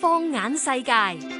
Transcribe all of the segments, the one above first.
放眼世界。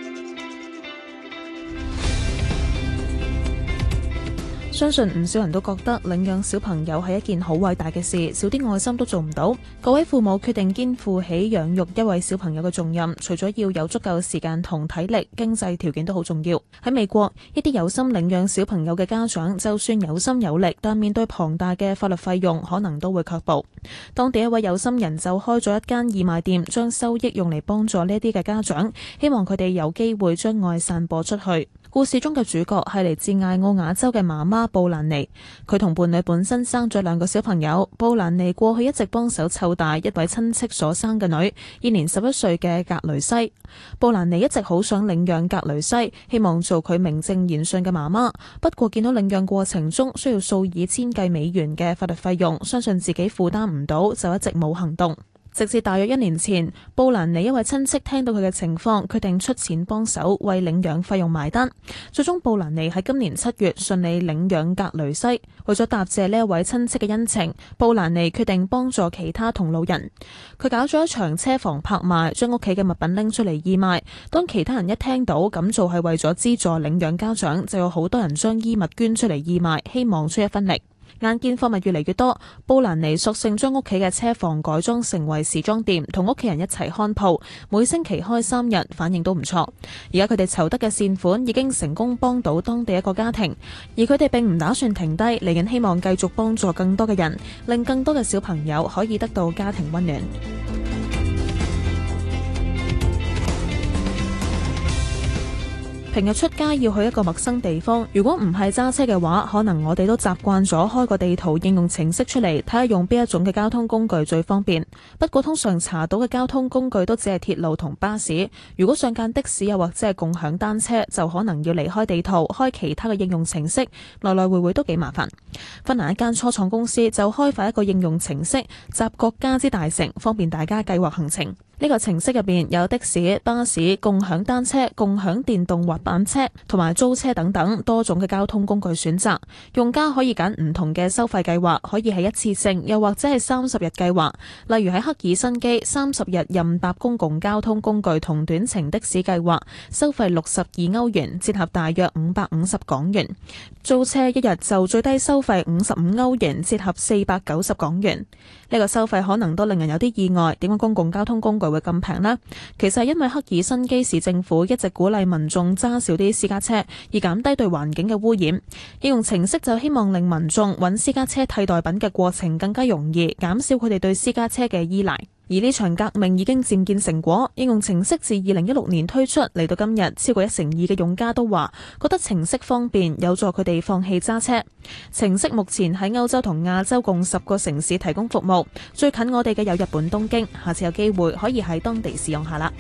相信唔少人都覺得領養小朋友係一件好偉大嘅事，少啲愛心都做唔到。各位父母決定肩負起養育一位小朋友嘅重任，除咗要有足夠時間同體力，經濟條件都好重要。喺美國，一啲有心領養小朋友嘅家長，就算有心有力，但面對龐大嘅法律費用，可能都會卻步。當地一位有心人就開咗一間義賣店，將收益用嚟幫助呢啲嘅家長，希望佢哋有機會將愛散播出去。故事中嘅主角係嚟自艾奧雅州嘅媽媽布蘭尼，佢同伴侶本身生咗兩個小朋友。布蘭尼過去一直幫手湊大一位親戚所生嘅女，現年十一歲嘅格雷西。布蘭尼一直好想領養格雷西，希望做佢名正言順嘅媽媽。不過見到領養過程中需要數以千計美元嘅法律費用，相信自己負擔唔到，就一直冇行動。直至大約一年前，布蘭尼一位親戚聽到佢嘅情況，決定出錢幫手為領養費用埋單。最終，布蘭尼喺今年七月順利領養格雷西。為咗答謝呢一位親戚嘅恩情，布蘭尼決定幫助其他同路人。佢搞咗一場車房拍賣，將屋企嘅物品拎出嚟義賣。當其他人一聽到咁做係為咗資助領養家長，就有好多人將衣物捐出嚟義賣，希望出一分力。眼見貨物越嚟越多，布蘭尼索性將屋企嘅車房改裝成為時裝店，同屋企人一齊看鋪，每星期開三日，反應都唔錯。而家佢哋籌得嘅善款已經成功幫到當地一個家庭，而佢哋並唔打算停低，嚟緊希望繼續幫助更多嘅人，令更多嘅小朋友可以得到家庭溫暖。平日出街要去一個陌生地方，如果唔係揸車嘅話，可能我哋都習慣咗開個地圖應用程式出嚟，睇下用邊一種嘅交通工具最方便。不過通常查到嘅交通工具都只係鐵路同巴士，如果想揀的士又或者係共享單車，就可能要離開地圖，開其他嘅應用程式，來來回回都幾麻煩。芬蘭一間初創公司就開發一個應用程式，集各家之大成，方便大家計劃行程。呢個程式入邊有的士、巴士、共享單車、共享電動滑板車同埋租車等等多種嘅交通工具選擇，用家可以揀唔同嘅收費計劃，可以係一次性，又或者係三十日計劃。例如喺赫爾辛基三十日任搭公共交通工具同短程的士計劃，收費六十二歐元，折合大約五百五十港元。租車一日就最低收費五十五歐元，折合四百九十港元。呢個收費可能都令人有啲意外。點解公共交通工具會咁平咧？其實係因為克爾辛基市政府一直鼓勵民眾揸少啲私家車，以減低對環境嘅污染。利用程式就希望令民眾揾私家車替代品嘅過程更加容易，減少佢哋對私家車嘅依賴。而呢場革命已經漸見成果，應用程式自二零一六年推出嚟到今日，超過一成二嘅用家都話覺得程式方便，有助佢哋放棄揸車。程式目前喺歐洲同亞洲共十個城市提供服務，最近我哋嘅有日本東京，下次有機會可以喺當地試用下啦。